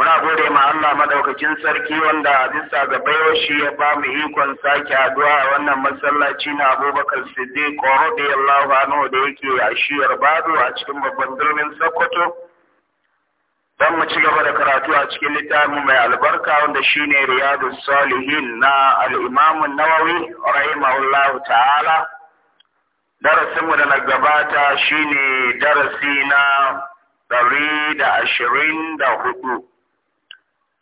Muna gode ma Allah madaukakin sarki wanda bisa ga baiwar shi ya ba mu ikon sake addu'a a wannan masallaci na Abubakar Siddiq radiyallahu anhu da yake a shiyar babu a cikin babban birnin Sokoto. dan mu ci gaba da karatu a cikin littafin mai albarka wanda shine Riyadus Salihin na al-Imam Nawawi rahimahullahu ta'ala. Darasin mu da na gabata shine darasi na ɗari da ashirin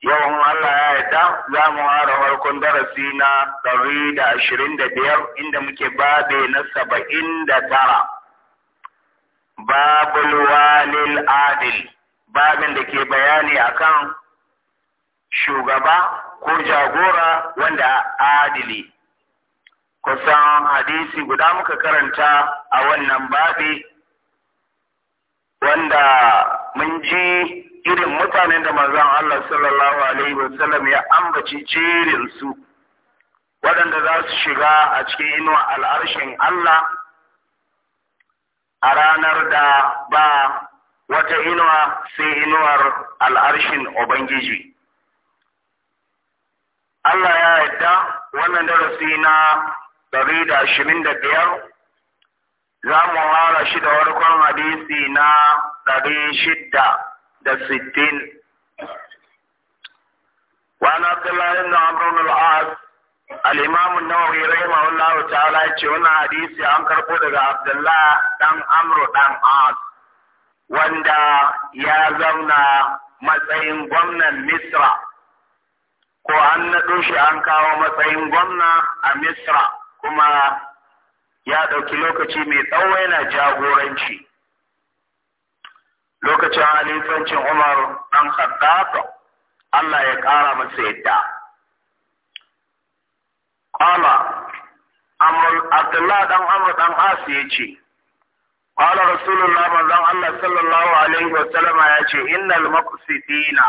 yau in Allah ya yarda za mu fara farkon darasi na ɗari da ashirin da biyar inda muke babe na saba'in da tara babul walil adil babin da ke bayani akan shugaba ko jagora wanda adili kusan hadisi guda muka karanta a wannan babi wanda mun ji irin mutanen da mazan Allah sallallahu alaihi wasallam ya ambaci jerin su waɗanda za su shiga a cikin inuwa al'arshen Allah a ranar da ba wata inuwa sai inuwar al'arshin Ubangiji. Allah ya yadda wannan darasi na ɗari da ashirin da biyar za mu hara shi da warkon hadisi na ɗari shida. da sittin وعن عبد الله بن عمرو بن العاص الامام النووي رحمه الله تعالى yace wannan hadisi an karbo daga Abdullah Ɗan Amru Ɗan As wanda ya zauna matsayin gwamnan Misra ko an naɗo an kawo matsayin gwamna a Misra kuma ya ɗauki lokaci mai tsawo yana jagoranci lokacin halifancin Umar ɗan Khattab Allah ya ƙara masa yadda. Ƙwala, Abdullah ɗan Amur ɗan Asu ya ce, Ƙala Rasulullah manzon Allah sallallahu Alaihi wasallama ya ce, al maqsidina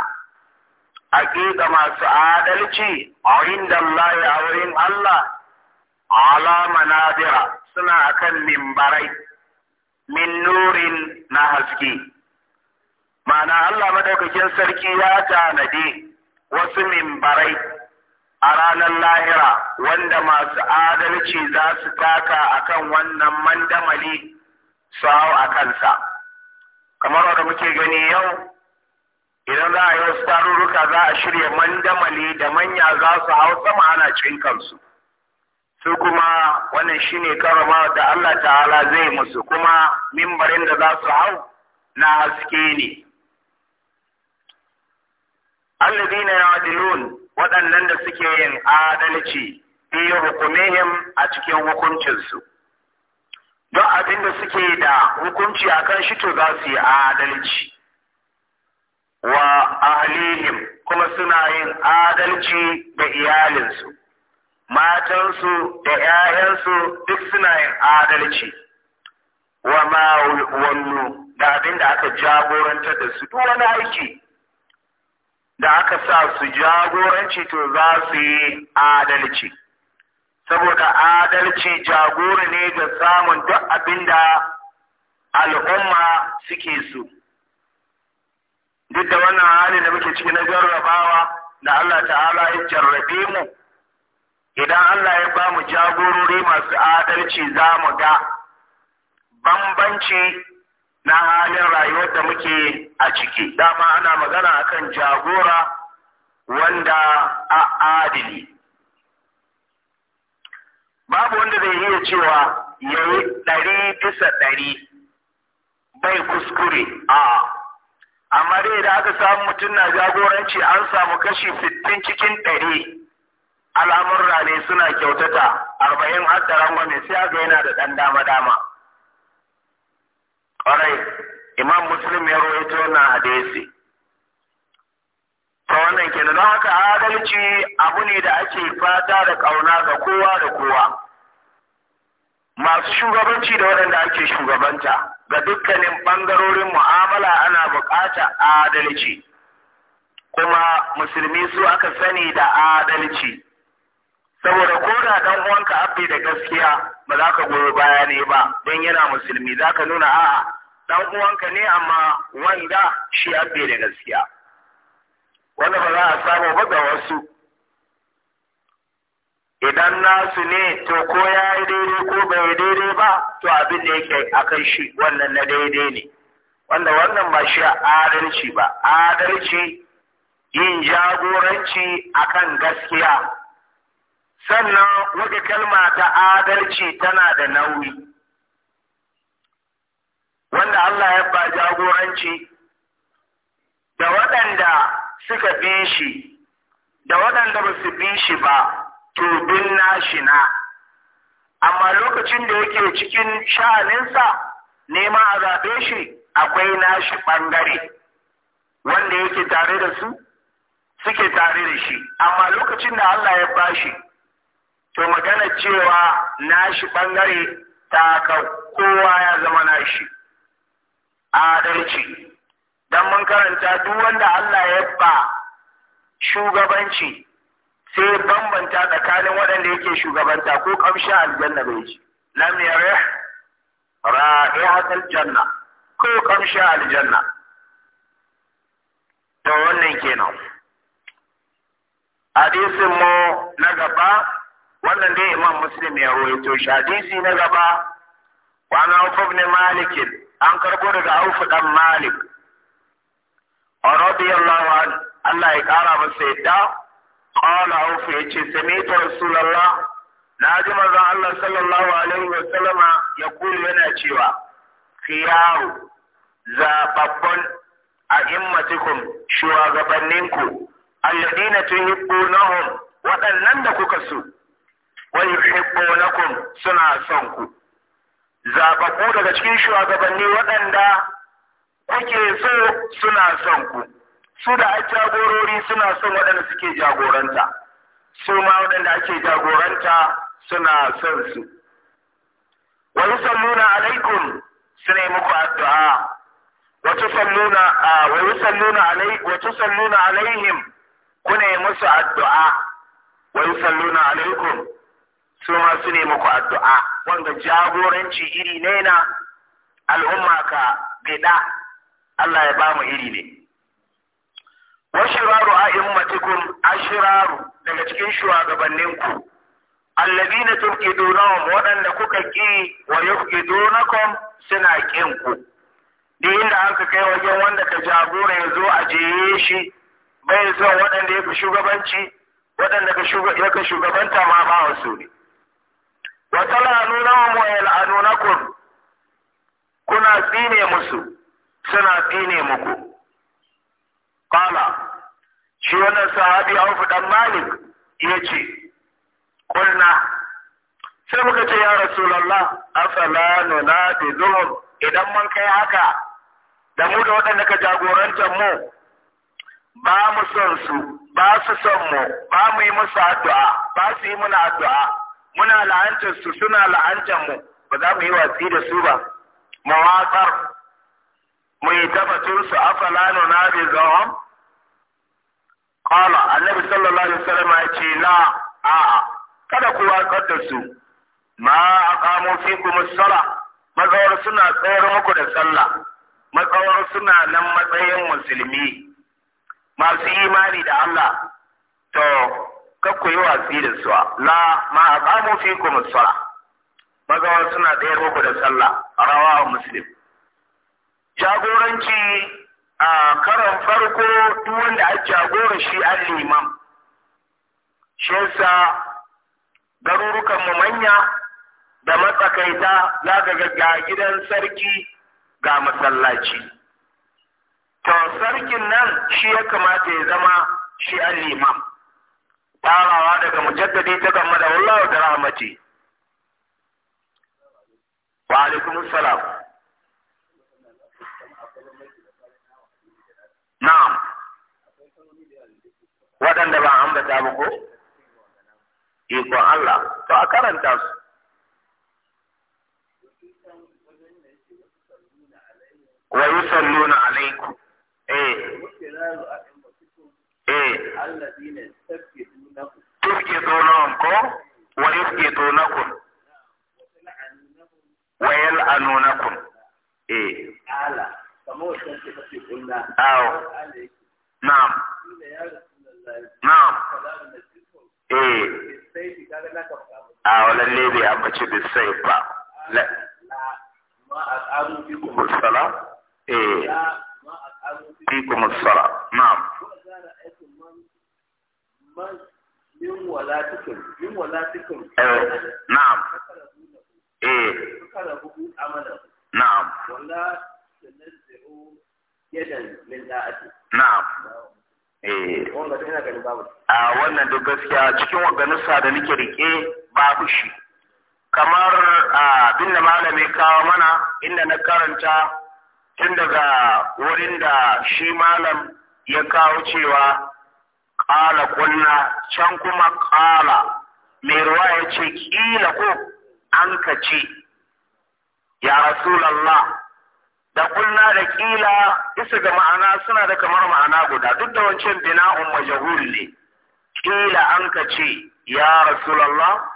haƙiƙa masu adalci a inda Allah ya wurin Allah, alama nadira suna akan mimbarai min nurin na haske. ma'ana Allah madaukakin sarki ya tanadi wasu mimbarai a ranar lahira wanda masu adalci za su taka a kan wannan mandamali su hau a kansa kamar wanda muke gani yau idan za a yi wasu tarurruka za a shirya mandamali da manya za su hau sama ana cikin kansu su kuma wannan shi ne karama da Allah ta'ala zai musu kuma mimbarin da za su hau na haske ne alladina ya'dilun waɗannan da suke yin adalci fi hukumihim a cikin hukuncinsu don abin da suke da hukunci a kan shi to za su yi adalci wa ahlihim kuma suna yin adalci da iyalinsu matansu da 'ya'yansu duk suna yin adalci wa ma da abin da aka jagorantar da su duk wani aiki da aka sa su jagoranci to za su yi adalci saboda adalci jagora ne ga samun duk abin da al'umma suke su. duk da wannan hali da muke ciki na jarrabawa da Allah ta'ala ya jarrabe mu idan Allah ya ba mu jagorori masu adalci za mu ga bambanci na halin rayuwar da muke a ciki dama ana magana akan jagora wanda a adili babu wanda zai iya cewa yayi yi ɗari bisa ɗari bai kuskure a amma dai da aka samu mutum na jagoranci an samu kashi sittin cikin ɗari al'amurra ne suna kyautata arba'in har da rangwame sai ga yana da ɗan dama-dama Kwarai, Imam Muslim ya rawaito wannan hadisi. Ta wannan kenan don haka adalci abu ne da ake fata da ƙauna ga kowa da kowa. Masu shugabanci da waɗanda ake shugabanta ga dukkanin ɓangarorin mu'amala ana buƙatar adalci. Kuma musulmi su aka sani da adalci. saboda ko da dan uwanka abdi da gaskiya ba za ka goyi baya ne ba don yana musulmi za ka nuna a'a dan uwanka ne amma wanda shi abbe da gaskiya wanda ba za a samu ba ga wasu idan nasu ne to ko ya yi daidai ko bai yi daidai ba to abin da yake a kai shi wannan na daidai ne wanda wannan ba shi adalci ba adalci yin jagoranci a kan gaskiya sannan wata kalma ta adalci tana da nauyi wanda Allah ya ba jagoranci da waɗanda suka bi shi da waɗanda ba su bi shi ba to bin nashi na amma lokacin da yake cikin sha'aninsa nema a zaɓe shi akwai nashi ɓangare wanda yake tare da su suke tare da shi amma lokacin da Allah ya bashi to magana cewa nashi ɓangare ta kowa ya zama nashi adalci don mun karanta duk wanda Allah ya ba shugabanci sai bambanta tsakanin waɗanda yake shugabanta ko kamshin aljanna bai ji lam yarih ra'ihatul janna ko kamshin aljanna to wannan kenan hadisin mu na gaba wannan dai imam muslim ya rawaito shi hadisi na gaba wa na ibn malik an karbo daga aufu dan Malik A radiyallahu an Allah ya kara masa yadda qala Auf yace sami'tu rasulallah na ji maza Allah sallallahu alaihi wa sallama ya kula yana cewa khiyaru zababban a'immatikum shugabanninku alladina tuhibbunahum waɗannan da kuka so wa yuhibbunakum suna son ku zaɓaɓɓu daga cikin shugabanni waɗanda kuke so suna son ku su da ake jagorori suna son waɗanda suke jagoranta su ma waɗanda ake jagoranta suna son su wa salluna alaikum su ne muku addu'a wa tusalluna wa yusalluna alai wa tusalluna alaihim ku ne musu addu'a wa salluna alaikum su ma su ne muku addu'a wanda jagoranci iri ne na al'umma ka bida Allah ya ba mu iri ne wa shiraru a shiraru daga cikin shugabanninku alladina tubqidunahum waɗanda kuka ki wa donakon suna ƙinku. ku duk inda aka kai wajen wanda ka jagora ya zo a jeye shi bai zo waɗanda ya fi shugabanci waɗanda ya ka shugabanta ma ba su ne wa talanunahum wa yal'anunakum kuna tsine musu suna tsine muku qala shi wannan sahabi Auf dan Malik yace qulna sai muka ce ya rasulallah afala nuna da idan mun kai haka da mu da waɗanda ka jagorantar mu ba mu son su ba su son mu ba mu yi musu addu'a ba su yi muna addu'a muna la'antar su suna la'antar mu ba za mu yi watsi da su ba mawaƙar mu yi tabbatun su afala na bi zawon Kala annabi sallallahu alaihi wasallam ya ce la a kada ku watsar da su ma aqamu fikum as-salah mazawar suna tsayar muku da sallah matsawar suna nan matsayin musulmi masu imani da Allah to kakku yi watsi da suwa la ma aqamu fikum as-salah mazawa suna ɗaya muku da sallah rawahu muslim jagoranci a karan farko duk wanda a jagora shi an liman shi garurukan mu manya da matsakaita za ga ga gidan sarki ga masallaci to sarkin nan shi ya kamata ya zama shi an liman farawa daga mujaddadi ta gama da wallahu da rahmati wa alaikum salam na'am waɗanda ba ambata ba ko ikon Allah to a karanta su wa yusalluna alaikum eh eh يسجدوا لهم كو ويسجدوا لكم ويلعنونكم ايه اعلى او نعم نعم eh a lalle bai ambaci da sai ba la ma aqamu bikum as-sala eh ma aqamu bikum as-sala walatikun eh, na'am eh na'am wala tanzi'u yadan min da'ati na'am eh wannan ah, wannan duk gaskiya cikin waganusa da nake rike babu shi kamar ah, abin da malamai kawo mana inda na karanta tun daga wurin da shi malam ya kawo cewa ƙala kunna can kuma ƙala mai ruwa ya ce ƙila ko an ka ce ya rasulallah da kunna da ƙila isa ga ma'ana suna da kamar ma'ana guda duk da wancan bina'un majahul ne ƙila an ka ce ya rasulallah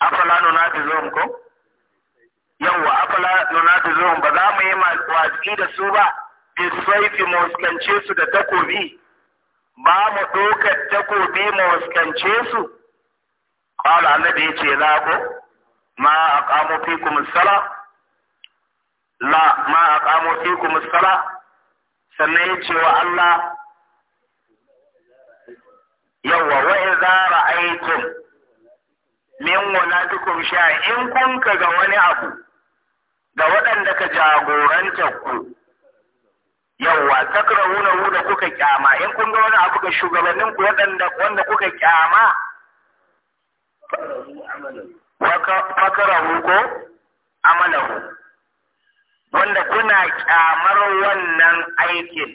afala nuna da zuwan ko yawwa afala nuna da zuwan ba za mu yi watsi da su ba bisaifi mu waskance su da takobi ba mu ɗaukar takobi mu waskance su qala da yace la ko ma a fikum as-sala la ma a fikum as-sala sannan yace wa Allah yawwa wa zara aikin min walatikum shay'in in kun ka ga wani abu da waɗanda ka jagorantar ku yawwa takrahuna wuna kuka kyama in kun ga wani abu ga shugabannin ku waɗanda wanda kuka kyama fakarahu ko amalahu wanda kuna kyamar wannan aikin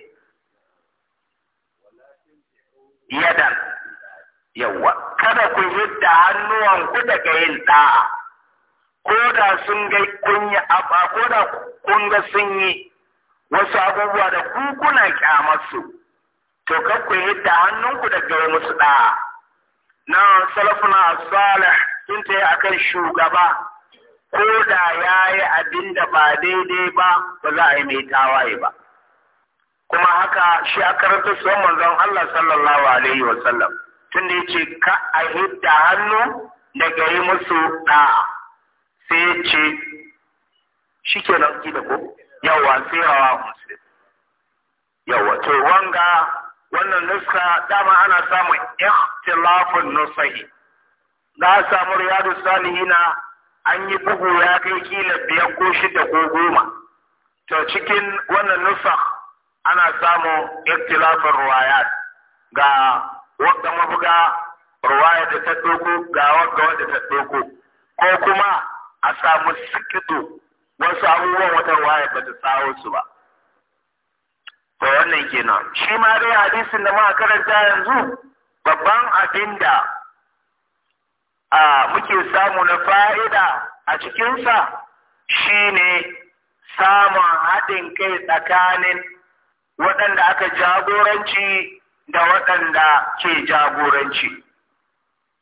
yadan yawa kada ku hidda hannuwanku daga yin da'a ko da sun ga kun yi ko da kun ga sun yi wasu abubuwa da ku kuna kyamar su to kar ku hidda hannunku daga musu da'a na salafuna salih sun ta yi a kan shugaba ko da ya yi abin da ba daidai ba ba za a yi mai tawaye ba kuma haka shi a karanta su manzon Allah sallallahu alaihi wa sallam tun da yace ka a da hannu daga yi musu da'a sai ya ce shi ke nan ki da ko yawa sai hawa musu yawa to wanga wannan nuska dama ana samun ikhtilafun nusahi na samu riyadu salihina an yi bugu ya kai kila biyar ko shida ko goma to cikin wannan nusa ana samun ikhtilafin ruwayat ga wadda mabuga ruwaya da ta doko ga wadda wadda ta doko ko kuma a samu sikido wasu abubuwan wata ruwaya ba ta tsawo su ba to wannan kenan shi ma dai hadisin da muka karanta yanzu babban abin da a muke samu na fa'ida a cikinsa shine samun haɗin kai tsakanin waɗanda aka jagoranci da waɗanda ke jagoranci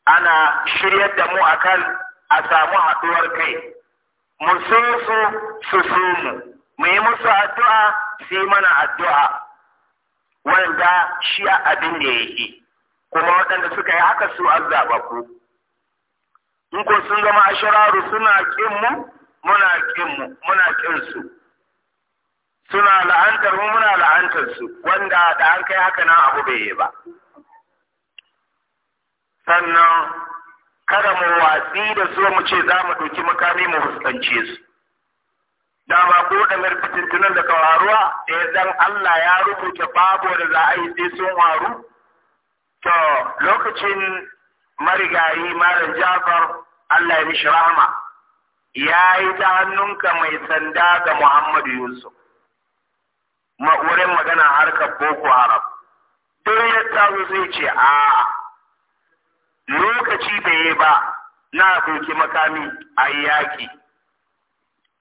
ana shiryar da mu akan a samu haɗuwar kai mu su su su mu yi musu addu'a Sai mana addu'a wanda shi abin da ya yi kuma waɗanda suka yi haka su ku. in ko sun zama ashiraru suna ƙin mu muna kin mu muna ƙin su suna la'antar mu muna la'antar su wanda da an kai haka nan abu bai yi ba sannan kada mu watsi da su mu ce za mu ɗauki makami mu fuskance su Da dama ko ɗanar tunan da kawaruwa eh dan Allah ya rubuta babu da za a yi sai sun waru to lokacin marigayi malam Jafar Allah ya mishi rahama ya yi ta hannunka mai sanda ga Muhammadu Yusuf ma'urin magana harkar Boko Haram duk ya tazo zai ce a lokaci bai yi ba na doki makami a yaki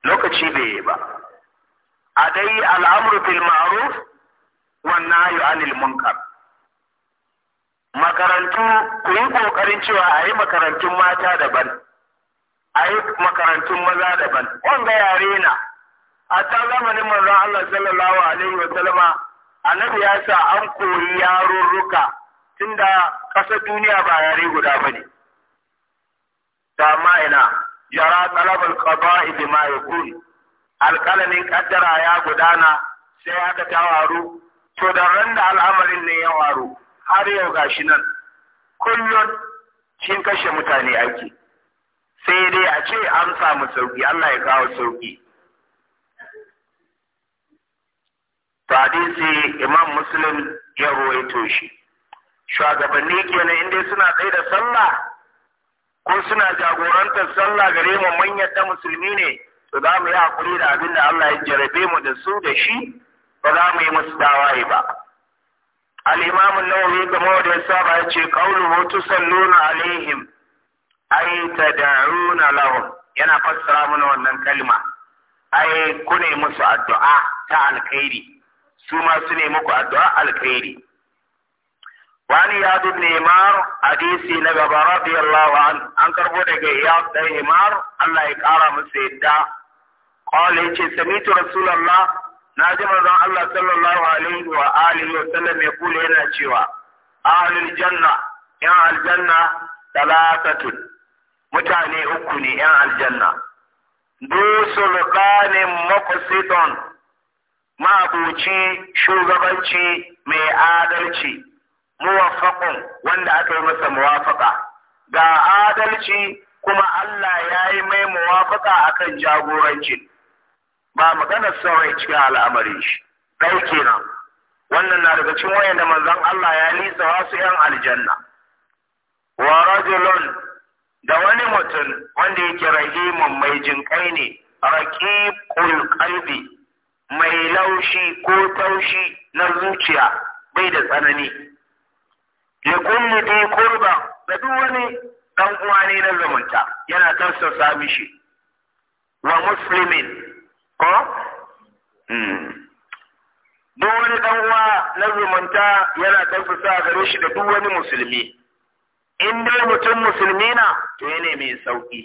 lokaci bai yi ba a dai al'amru fil ma'ruf wan nahyu anil munkar makarantu ku yi kokarin cewa a yi makarantun mata daban a yi makarantun maza daban wanga yare na a ta zamanin manzo Allah sallallahu alaihi wa sallama annabi ya sa an koyi yarurruka tunda ƙasar duniya ba yare guda bane ta ina yara talabar qada'i bima yakun alƙalamin kaddara ya gudana sai aka ta waru to da ran da al'amarin ne ya waru har yau gashi nan kullun cin kashe mutane ake sai dai a ce an samu sauki Allah ya kawo sauki hadisi imam muslim ya ruwaito shi shugabanni kenan inda suna tsaye da sallah ko suna jagorantar sallah gare mu manyan da musulmi ne to za mu yi hakuri da abin da Allah ya jarabe mu da su da shi ba za mu yi musu dawai ba al-imam an-nawawi kamar da ya saba ya ce hu tusalluna alaihim ay tad'una lahum yana fassara mana wannan kalma ay ku musu addu'a ta alkhairi su ma su ne muku addu'a alkhairi wani ya bin Neymar hadisi na gaba radiyallahu an an karbo daga Iyad da Neymar Allah ya kara musu yadda qala yace samitu rasulullah na ji mazan Allah sallallahu alaihi wa alihi wa sallam ya kula yana cewa ahlul janna yan aljanna talatatun mutane uku ne yan aljanna du sulqanin muqsitun ma'abuci shugabanci mai adalci muwaffaqun wanda aka yi masa muwafaƙa ga adalci kuma Allah ya yi mai a kan jagoranci ba magana saurayi cikin al'amari shi kenan wannan na daga cikin wayanda manzon Allah ya lisa wasu yan aljanna wa rajulun da wani mutum wanda yake rahimun mai jinkai ne raqiqul qalbi mai laushi ko taushi na zuciya bai da tsanani ya kulli bi kurba da duk wani dan uwa ne na zumunta yana kan sami shi. wa muslimin ko hmm. duk wani dan uwa na zumunta yana kan sa gare shi da duk wani musulmi in dai mutum musulmi na to yana mai sauki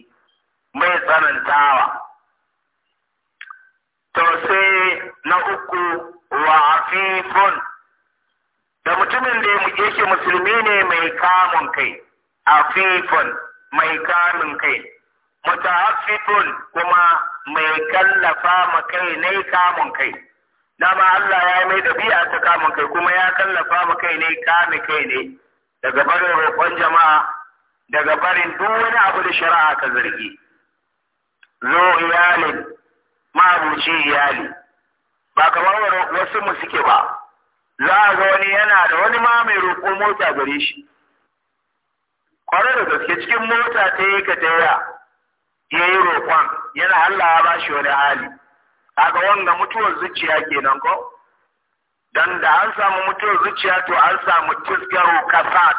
mai tsanantawa to sai na uku wa afifun da mutumin da shi musulmi ne mai kamun kai fifon mai kamun kai mata mutahaffifun kuma mai kallafa ma kai ne kamun kai dama Allah ya mai dabi'a ta kamun kai kuma ya kallafa ma kai ne kame kai ne daga barin roƙon jama'a daga barin duk wani abu da shari'a ka zargi zo iyalin ma'abuci iyali ba kamar wasu mu suke ba za a ga wani yana da wani ma mai roƙo mota gare shi kwarar da gaske cikin mota ta yi ka taya ya yi roƙon yana Allah ya ba shi wani hali kaga wanda mutuwar zuciya kenan ko dan da an samu mutuwar zuciya to an samu tisgaro kasat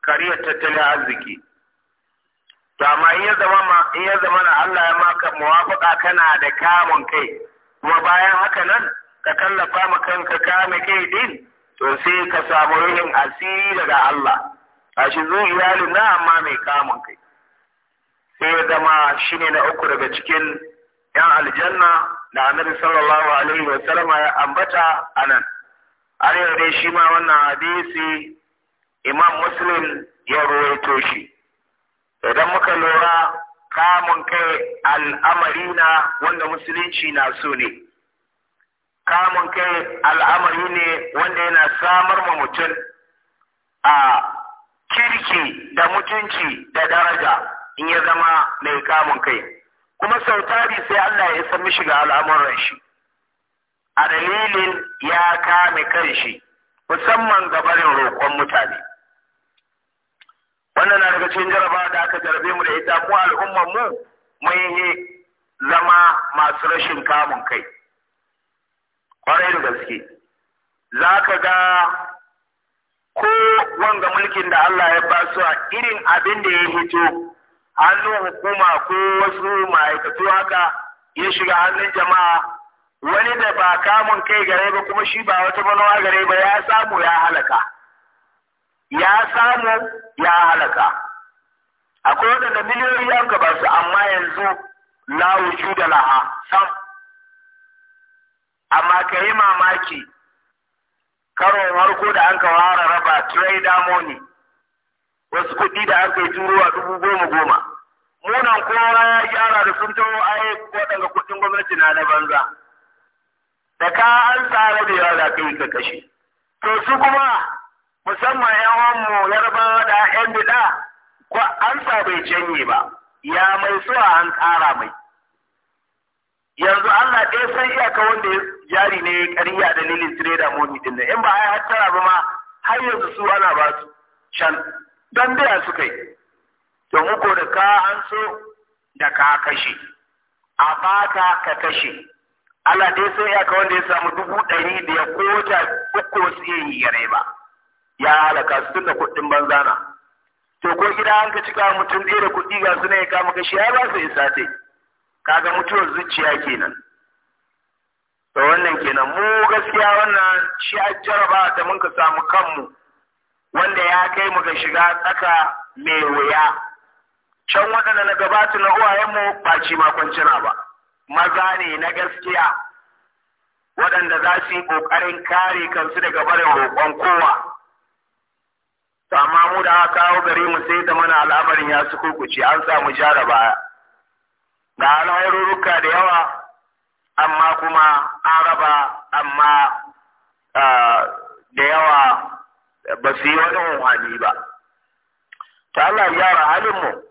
kariyar tattalin arziki to amma in zama ma in ya zama na Allah ya maka muwafaka kana da kamun kai kuma bayan haka nan ka kallafa ma kanka kame kai din to sai ka samu ruhin asiri daga Allah tashi zu iyalin na amma mai kamun kai sai ya zama shine na uku daga cikin yan aljanna da annabi sallallahu alaihi wa sallam ya ambata anan har dai shi ma wannan hadisi imam muslim ya ruwaito shi idan muka lura kamun kai al'amari na wanda musulunci na so ne kamun kai al'amari ne wanda yana samar ma mutum a kirki da mutunci da daraja in ya zama mai kamun kai kuma sau tari sai Allah ya sami shiga al'amuran shi a dalilin ya kame kan shi, musamman ga barin roƙon mutane wannan na daga cikin jaraba da aka jarabe mu da ita mu al'ummar mu mun yi zama masu rashin kamun kai kwarai da gaske za ka ga ko wanga mulkin da Allah ya ba su a irin abin da ya hito hannun hukuma ko wasu ma'aikatu haka ya shiga hannun jama'a wani da ba kamun kai gare ba kuma shi ba wata manowa gare ba ya samu ya halaka ya samu ya halaka akwai waɗanda miliyoyi an ba su amma yanzu la da laha sam amma ka yi mamaki karon harko da an kawara raba trader money wasu kuɗi da aka yi turo a dubu goma goma munan kowa ya gyara da sun taho waɗanda kuɗin gwamnati na na banza da ka an tsara da yawa da kai ka kashe to su kuma musamman yan mu yarbawa da yan bida ko an sa bai canye ba ya mai so an ƙara mai yanzu Allah ɗaya san iyaka wanda jari ne ƙarya dalilin tireda moni ɗin nan in ba ai hattara ba ma har yanzu su ana ba su can dan biya su kai to muko da ka an so da ka kashe a fata ka kashe Allah ɗaya san iyaka wanda ya samu dubu ɗari da ya kota uku wasu iya yi gare ba ya halaka su tun da kuɗin banzana to ko gida an ka cika mutum ɗaya da kuɗi ga su ne ya kama kashe ya ba su isa kaga mutuwar zuciya kenan to wannan kenan mu gaskiya wannan shi a jaraba da mun ka samu kanmu wanda ya kai mu ga shiga tsaka mai wuya can waɗanda na gabata na uwayenmu ba ci makwancina ba maza ne na gaskiya waɗanda za su yi ƙoƙarin kare kansu daga barin roƙon kowa amma mu da aka kawo gari mu sai da mana al'amarin ya su kurkuce an samu jaraba ga alhairurruka da yawa amma kuma an raba amma da yawa ba su yi wani wani ba ta Allah halin mu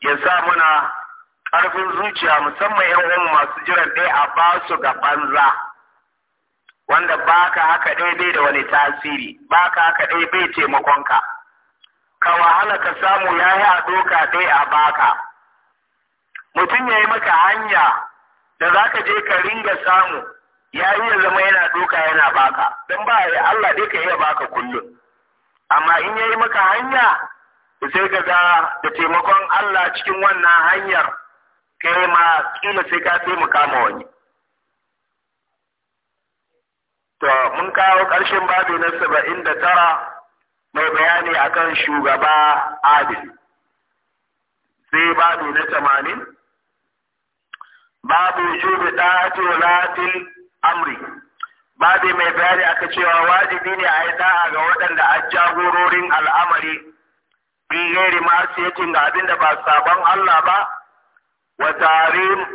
ya sa muna ƙarfin zuciya musamman yan uwan masu jiran ɗaya a ba su ga banza wanda baka haka ɗaya bai da wani tasiri baka haka ɗaya bai taimakonka ka wahala ka samu ya yi a doka ɗaya a baka mutum ya yi maka hanya da za ka je ka ringa samu ya yi ya zama yana doka yana baka don ba ya Allah dai ka iya baka kullum amma in ya yi maka hanya sai ka ga da taimakon Allah cikin wannan hanyar kai ma kila sai ka taimaka ma wani to mun kawo ƙarshen babi na saba'in da tara mai bayani akan shugaba adil sai babi na tamanin babu wujubi da'ati walatil amri babu mai bayani aka cewa wajibi ne a yi da'a ga waɗanda a jagororin al'amari bi gairi yakin ga abin da ba sabon Allah ba wa tarim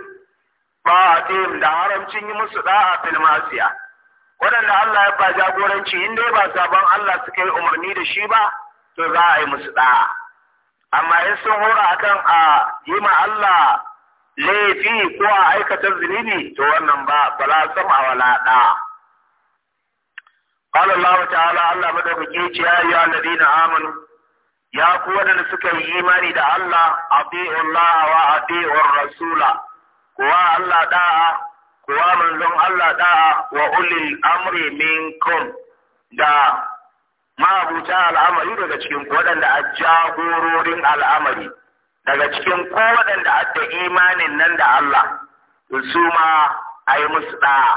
ba'atim da haramcin yi musu da'a fil filmasiya. waɗanda Allah ya ba jagoranci in dai ba sabon Allah suka yi umarni da shi ba to za a yi musu da'a amma in sun a akan a yi ma Allah laifi ko a aikata zinini to wannan ba bala sama wala da قال الله تعالى Allah madaukake ce ya ayyuha amanu ya ku wadanda suka yi imani da Allah ati'u Allah wa ati'u rasula kuwa Allah da'a kuwa manzon Allah da'a wa ulil amri minkum da mabuta al'amari daga cikin waɗanda a jagororin al'amari daga cikin ko waɗanda imanin nan da Allah su ma a yi musu ɗa'a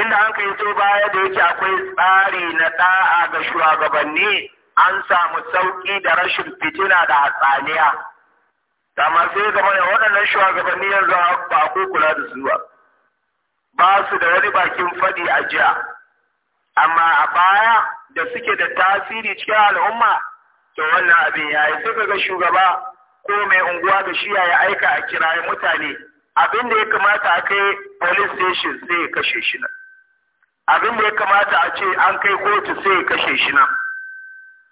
inda an kai to baya da yake akwai tsari na ɗa'a ga shugabanni an samu sauƙi da rashin fitina da hatsaniya amma sai zama da waɗannan shugabanni yanzu ba ko kula da su ba su da wani bakin faɗi a jiya amma a baya da suke da tasiri cikin al'umma to wannan abin yayi sai ga shugaba ko mai unguwa da shi ya aika a kira mutane abin da ya kamata a kai police station sai ya kashe shi nan abin da ya kamata a ce an kai kotu sai ya kashe shi nan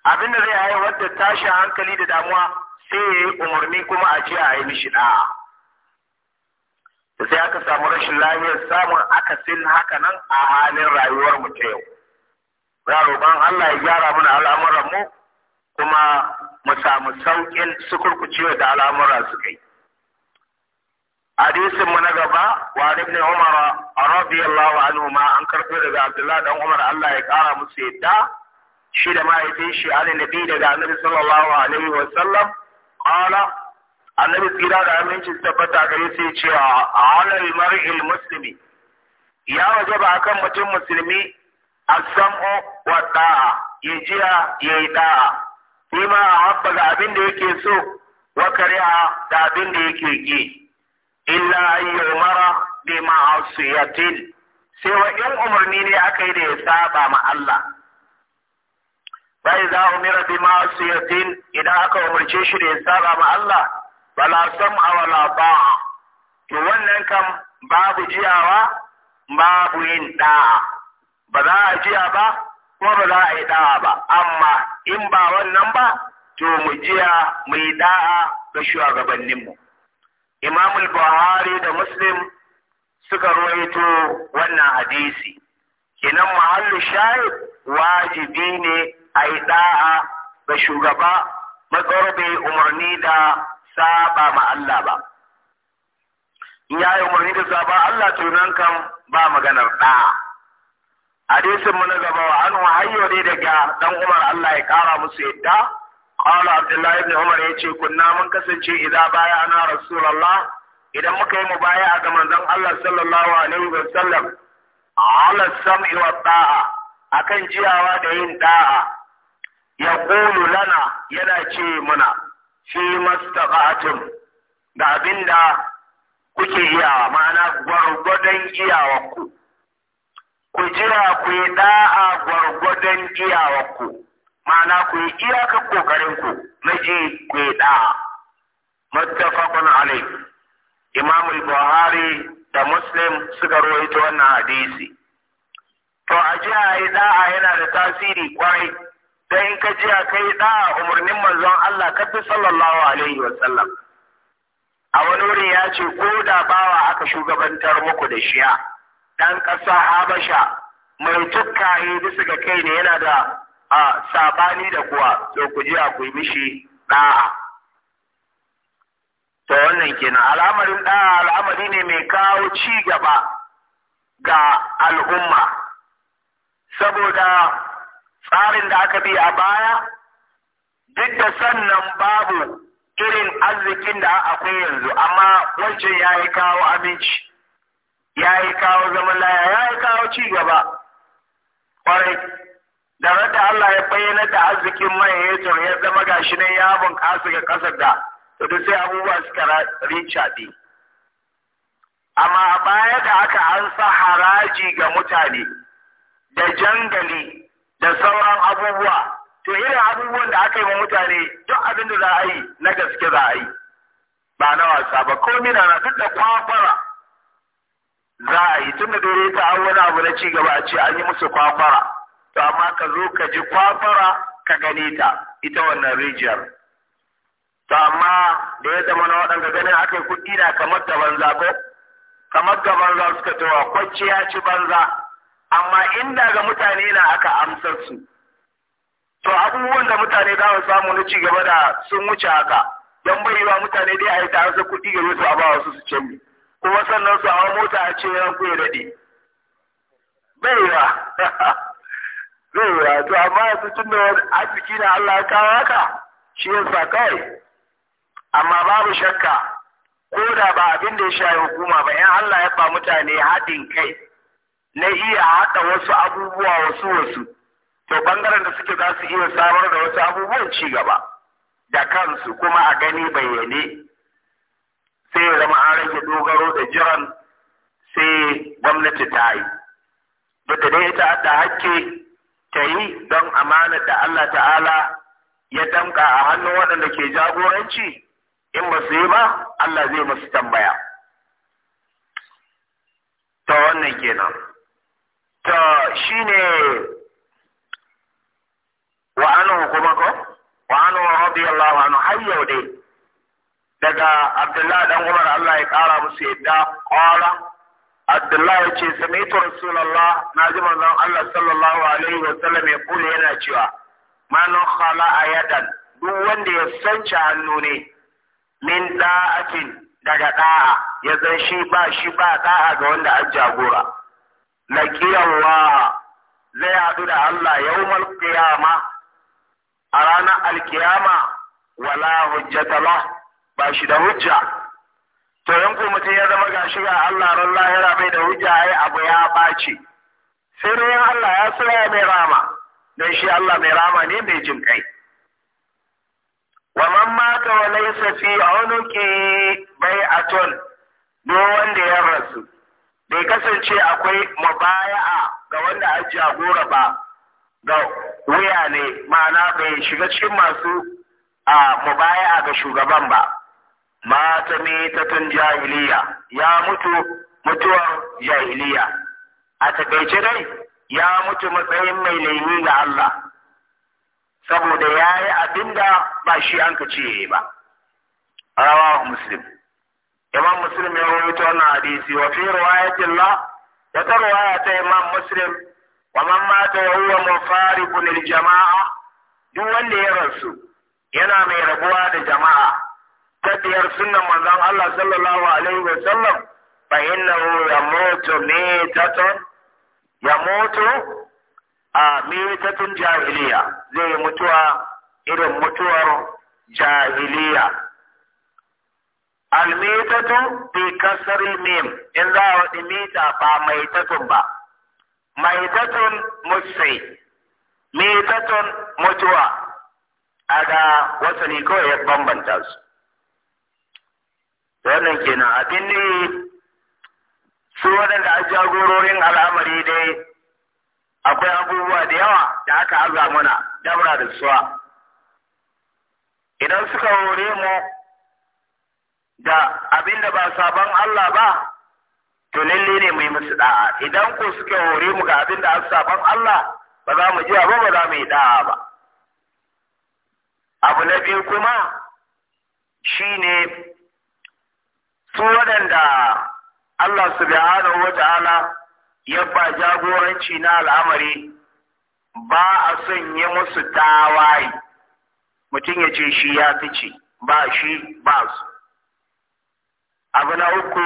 abin da zai haifar da tashin hankali da damuwa sai ya yi umarni kuma a ce a yi mishi da'a sai aka samu rashin lafiyar samun akasin haka nan a halin rayuwar mu ta yau. Ya roƙon Allah ya gyara mana al'amuran mu kuma mu samu sauƙin sukurkucewa da al'amura su kai. Hadisin mu na gaba wa ibn Umar radiyallahu anhu ma an karɓo daga Abdullah dan Umar Allah ya ƙara musu yadda shi da mahaifin shi an nabi daga Annabi sallallahu alaihi wa sallam qala Annabi tsira da aminci tabbata gare sai cewa alal mar'il muslimi ya wajaba akan mutum musulmi as-sam'u wa ta'a ya jiya yayi da'a bima a haɓɓa ga abin da yake so wa kariha da abin da yake ƙi illa an umara bi ma'asiyatin sai wa in umarni ne aka yi da ya saba ma Allah bai za umira bi ma'asiyatin idan aka umarce shi da ya saba ma Allah bala sam'a wala ba. to wannan kam babu jiyawa babu yin da'a ba za a jiya ba ko ba za a yi da'a ba amma in ba wannan ba to mu jiya mu yi da'a ga shugabanninmu imam buhari da muslim suka rawaito wannan hadisi kenan mahallu shahid wajibi ne a yi da'a ga shugaba matsar bai umarni da saba ma Allah ba in ya yi umarni da saba Allah to kan ba maganar da'a hadisin mu na gaba wa an hayyo da daga dan Umar Allah ya kara musu yadda qala Abdullah bin Umar yace kunna mun kasance idza baya ana rasulullah idan muka yi mubaya'a ga manzon Allah sallallahu alaihi wa sallam ala sam'i wa ta'a akan jiyawa da yin ɗa'a, yaqulu lana yana ce muna fi mastaqatum da abinda kuke iyawa ma'ana gwargwadon iyawarku ku jira ku yi da'a gwargwadon iyawarku ma'ana ku yi iyaka kokarinku na ji ku yi da'a muttafaqun alai imam buhari da muslim suka rawaito wannan hadisi to a ji a yi da'a yana da tasiri kwarai dan in ka ji a kai da'a umarnin manzon Allah ka fi sallallahu alaihi wa sallam a wani wuri ya ce ko da bawa aka shugabantar muku da shiya ɗan ƙasa habasha mai tukkaye bisa ga kai ne yana da a sabani da kuwa to ku ji ku mishi ɗa'a to wannan kenan al'amarin ɗa'a al'amari ne mai kawo ci gaba ga al'umma saboda tsarin da aka bi a baya duk da sannan babu irin arzikin da akwai yanzu amma wancan ya yi kawo aminci ya yi kawo zaman laya ya yi kawo ci gaba kwarai da rata Allah ya bayyana da arzikin mai ya ya zama gashi ne ya bunƙasa ga ƙasar da to duk sai abubuwa suka rincaɗe amma a baya da aka an sa haraji ga mutane da jangali da sauran abubuwa to irin abubuwan da aka yi wa mutane duk abin da za a yi na gaske za a yi ba na wasa ba ko mina na duk da kwakwara za a yi tun da dare ta an wani abu na ci gaba a ce an yi musu kwafara, to amma ka zo ka ji kwafara ka gane ta ita wannan rijiyar to amma da ya zama na waɗanda ganin aka yi kuɗi na kamar da banza ko kamar ga banza suka tawa kwacce ya ci banza amma inda ga mutane na aka amsar su to abubuwan da mutane za su samu na ci gaba da sun wuce haka don baiwa mutane dai a yi tare su kuɗi ga su a ba wasu su canji kuma sannan su hawa mota a ce daɗi. ya daɗe bai baiwa to amma yanzu tun da arziki na Allah ya kawo haka shi sa kawai amma babu shakka ko da ba abin da ya shayi hukuma ba ‘yan Allah ya ba mutane haɗin kai na iya haɗa wasu abubuwa wasu wasu to ɓangaren da suke za su iya samar da wasu abubuwan ci gaba da kansu kuma a gani bayyane sai ya zama an rage dogaro da jiran sai gwamnati ta yi duk da dai ita ta hakki ta yi don amana da Allah ta'ala ya damka a hannun waɗanda ke jagoranci in ba su yi ba Allah zai masu tambaya ta wannan kenan ta shine wa anhu kuma ko wa anhu radiyallahu har yau dai daga Abdullahi dan Umar Allah ya kara musu yadda qala Abdullahi yace sami'tu Rasulullah naji manzon Allah sallallahu alaihi wa sallam ya kula yana cewa man khala ayadan duk wanda ya sanci hannu ne min da'atin daga da'a ya zan shi ba shi ba da'a ga wanda an jagora laqiyallaha zai haɗu da Allah yawmal qiyama a ranar alkiyama wala hujjata lahu ba shi da hujja to yan ko mutum ya zama gashi ga Allah ran lahira bai da hujja ai abu ya ɓaci sai dai Allah ya sura ya mai rama dan shi Allah mai rama ne mai jin kai wa man mata wa laysa fi unuki bai'atun do wanda ya rasu bai kasance akwai mubaya'a ga wanda a jagora ba ga wuya ne ma'ana bai shiga cikin masu a mubaya'a ga shugaban ba mata mitatun jahiliya ya mutu mutuwar jahiliya a takaice dai ya mutu matsayin mai laimi ga Allah saboda ya yi abin da ba shi an ka ce ba rawa muslim imam muslim ya rawaito wannan hadisi wa fi ya la wata riwaya ta imam muslim wa man mata wa huwa mufariqun lil jama'a duk wanda ya rasu yana mai rabuwa da jama'a ta biyar sunnan manzon Allah sallallahu alaihi wa sallam fa innahu yamutu mitatan yamutu a mitatun jahiliya zai mutuwa irin mutuwar jahiliya almitatu bi kasri mim in za a waɗi mita ba maitatun ba maitatun musai mitatun mutuwa a ga wasani kawai ya bambanta su wannan kenan abin ne su waɗanda a jagororin al'amari dai akwai abubuwa da yawa da aka aza mana damra da suwa idan suka hore mu da abin da ba sabon Allah ba to lalle ne mu yi musu da'a idan ku suka hore mu ga abin da an sabon Allah ba za mu ji ba ba za mu yi da'a ba abu na biyu kuma shine su waɗanda Allah su subhanahu wata ta'ala ya ba jagoranci na al'amari ba a son yi musu tawaye mutum ya ce shi ya fi ce ba shi ba su abu na uku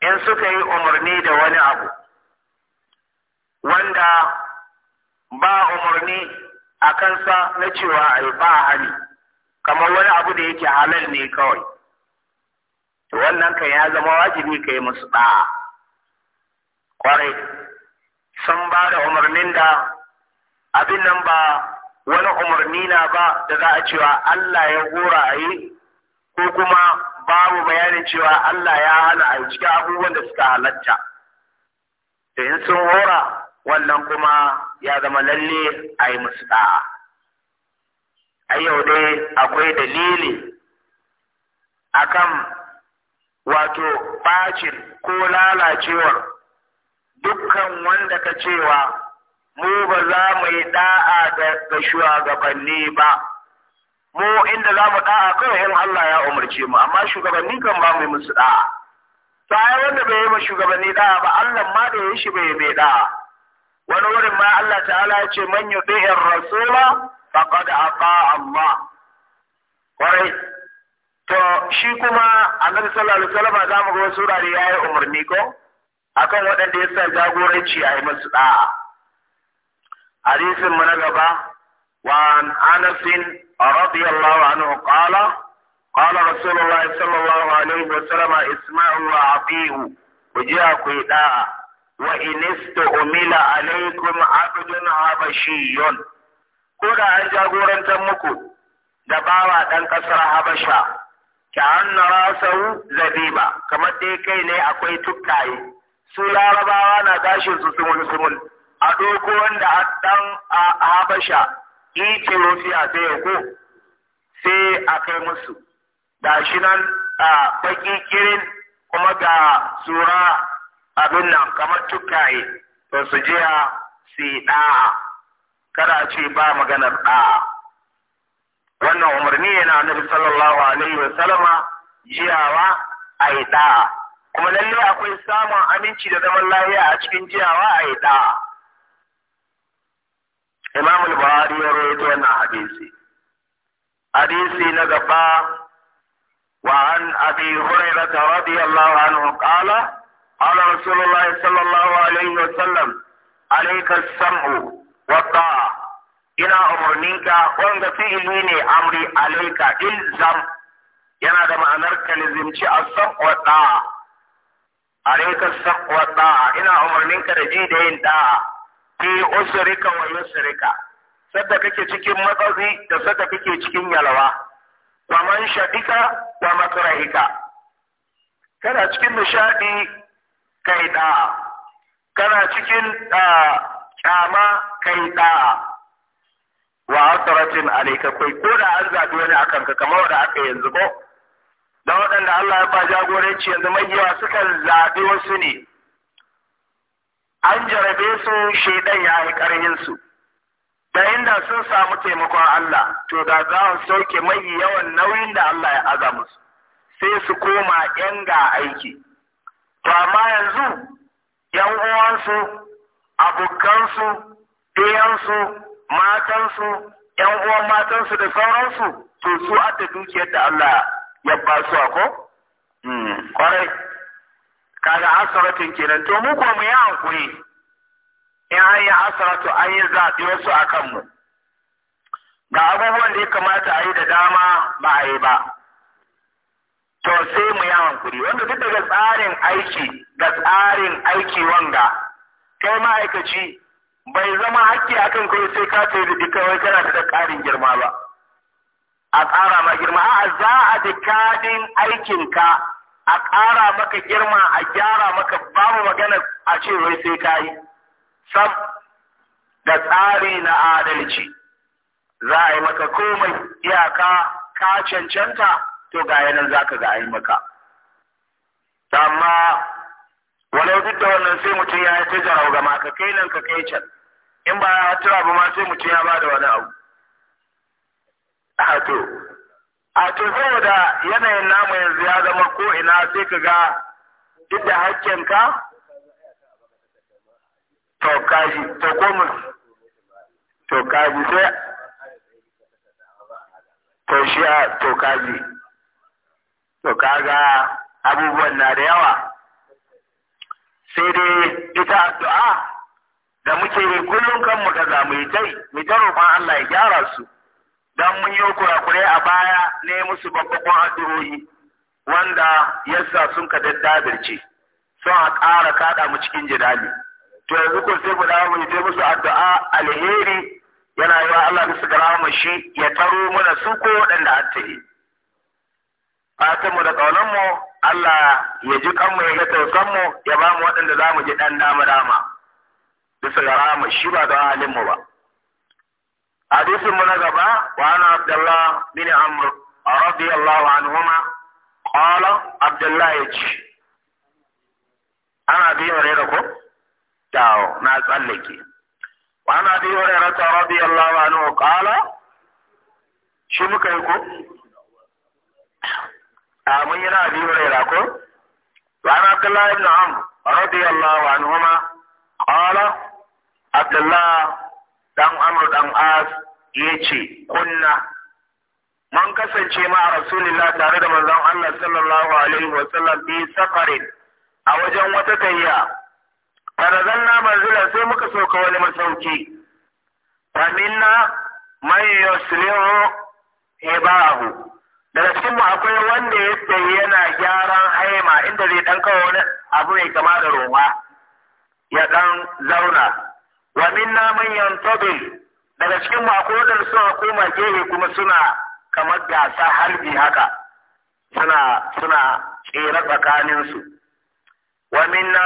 in suka yi umarni da wani abu wanda ba umarni a kansa na cewa a ba kamar wani abu da yake halal ne kawai to wannan kan ya zama wajibi ka yi musu ɗa kwarai sun ba da umarnin da abin nan ba wani umarni na ba da za a cewa Allah ya gora a yi ko kuma babu bayanin cewa Allah ya hana a cikin abubuwan da suka halatta. Da in sun hora wannan kuma ya zama lalle a yi musu ɗa A yau dai akwai dalili akan wato ɓacin ko lalacewar dukkan wanda ka cewa mu ba za mu yi da'a ga shugabanni ba mu inda za mu da'a kawai in Allah ya umarce mu amma shugabanni kan ba mu musu da'a Ta wanda bai yi ma shugabanni da'a ba Allah ma da yi shi bai yi mai da'a wani wurin ma Allah ta'ala ya ce man yuti'ir rasula faqad aqa Allah kwarai to shi kuma annabi sallallahu alaihi wasallam da mu ga sura da yayi umarni ko akan waɗanda ya sa jagoranci a yi musu da'a hadisin mu na gaba wa an anas radiyallahu anhu qala qala rasulullahi sallallahu alaihi wasallam isma'u wa atiu kujiya ku yi da'a wa inistu umila alaikum abdun habashiyun ko da an jagorantar muku da bawa ɗan ƙasar habasha ka'an na rasau zabiba kamar dai kai ne akwai tukkaye su larabawa na gashin su sumul sumul a doko wanda a dan a habasha a sai ya ko sai a kai musu gashi nan a baki kirin kuma ga tsura abin nan kamar tukkaye to su je a su yi ɗa'a kada ce ba maganar ɗa'a wannan umarni yana annabi sallallahu alaihi wa sallama jiyawa a yi da'a kuma lalle akwai samun aminci da zaman lafiya a cikin jiyawa a yi da'a imam al-buhari ya rawaito wannan hadisi hadisi na gaba وعن أبي هريرة رضي الله عنه qala قال رسول الله صلى الله عليه وسلم عليك السمع والطاعة ina umarninka wanda fi'ili ne amri alaika ilzam yana da ma'anar kalizimci a sakwa alaika sakwa ina umarninka da ji da yin da'a fi usurika wa yusurika sadda kake cikin matsazi da sadda kake cikin yalwa wa man shadika wa makrahika kana cikin nishadi kai da'a kana cikin ah, kyama kai da'a wa asaratin alayka kai ko da an zabi wani akan ka kamar da aka yanzu ko Da waɗanda Allah ya ba jagoranci yanzu mai sukan zabi wasu ne an jarabe su shaidan ya yi karhin su da inda sun samu taimakon Allah to da za su sauke mai yawan nauyin da Allah ya azama musu sai su koma yan ga aiki to amma yanzu yan uwansu abokansu ɗayansu matansu ‘yan uwan matansu da sauransu to su adda dukiyar da Allah ya ba su ko? Hmm, kwarai, kaga asaratin kenan to mu mu yi hankuri in an yi asaratu an yi zaɓi wasu a kanmu. Ga abubuwan da ya kamata a yi da dama ba a yi ba. To sai mu yi hankuri wanda duk daga tsarin aiki ga tsarin aiki wanga kai ma'aikaci bai zama hakki akan kai sai ka ce da duka wai kana da ƙarin girma ba a ƙara ma girma a za a da kadin aikinka a ƙara maka girma a gyara maka babu magana a ce wai sai ka yi sam da tsari na adalci za a yi maka komai iyaka ka cancanta to ga yanan za ka ga a yi maka amma walau duk da wannan sai mutum ya yi ta jarau gama ka kai nan ka kai can in ba ya tura abu ma sai mutum ya ba da wani abu a to a to saboda yanayin namu yanzu ya zama ko ina sai ka ga duk da ka? to kaji to komu to kaji sai to shi to kaji to kaga abubuwan na da yawa sai dai ita addu'a da muke yi kullum kan mu da mu yi tai mu ta roƙon Allah ya gyara su dan mun yi kurakure a baya ne musu babban addu'o'i wanda yasa sun ka daddabirce sun a ƙara kaɗa mu cikin jidali to yanzu ko sai mu dawo mu yi musu addu'a alheri yana yi wa Allah bisa garama shi ya taro mana su ko waɗanda an yi. Fatanmu da ƙaunanmu Allah ya ji kanmu ya ga tausanmu ya ba mu waɗanda za mu ji ɗan dama dama bisa ga rama shi ba da halinmu ba Hadisinmu na gaba wa ana abdullah bin amr radiyallahu anhuma qala abdullah ya ci. ana bi da ko tawo na tsallake wa ana bi hurairah radiyallahu anhu qala shi muka yi ko a ah, mun yi na abi huraira ko wa an abdullah ibn amr radiyallahu anhuma qala abdullah dan amr dan as yace kunna mun kasance ma a rasulillah tare da manzon Allah sallallahu alaihi wa sallam bi safarin a wajen wata tayya farazanna manzilan sai muka sauka wani masauki fa minna man yuslihu hibahu daga cikin mu akwai wanda ya yadda yana gyaran haima inda zai dan kawo wani abu mai kama da roma ya dan zauna wa minna man yantabil daga cikin mu akwai wanda suna koma gehe kuma suna kamar gasa harbi haka suna suna tsere tsakanin su wa minna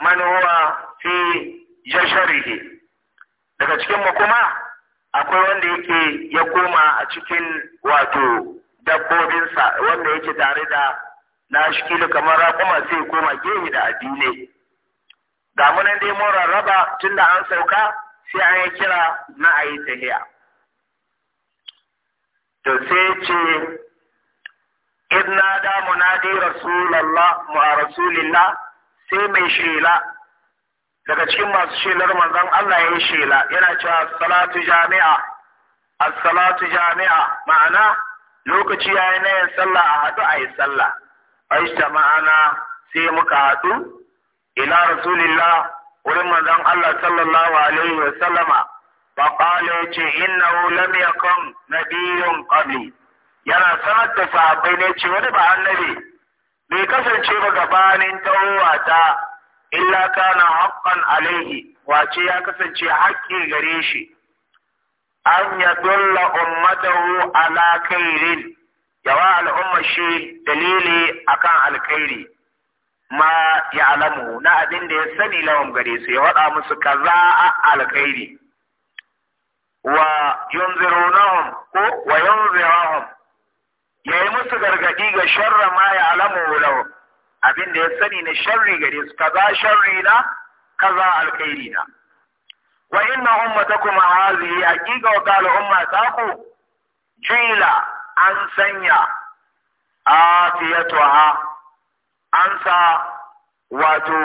man huwa fi jasharihi daga cikin mu kuma akwai wanda yake ya koma a cikin wato dabbobinsa wanda yake tare da na shikilu kamar raƙuma sai koma gehi da addinai ga munan dai mora rarraba tun da an sauka sai an yi kira na a yi tahiya to sai ce idna da munadi rasulallah mu a rasulillah sai mai shela daga cikin masu shelar manzon Allah ya yi shela yana cewa salatu jami'a as-salatu jami'a ma'ana lokaci ya yi na yin sallah a haɗu a yi sallah aisha ma'ana sai muka haɗu ila rasulillah wurin manzon Allah sallallahu alaihi wa sallama fa qala yace innahu lam yakun nabiyyun qabli yana sanar da sahabbai ne ce wani ba annabi bai kasance ba gabanin tawowa ta illa kana haqqan alaihi wace ya kasance haƙƙi gare shi an ya dulla ummatahu ala khairin yawa al'umma shi dalili akan alkhairi ma ya alamu na abin da ya sani lawan gare su ya waɗa musu kaza a alkhairi wa yunzirunahum ko wa yunzirahum ya yi musu gargaɗi ga sharra ma ya alamu lawan abin da ya sani na sharri gare su kaza sharri na kaza alkhairi na wa inna ummatakum hadhihi haqiqa wa qala umma taqu jila an sanya afiyatuha ansa wato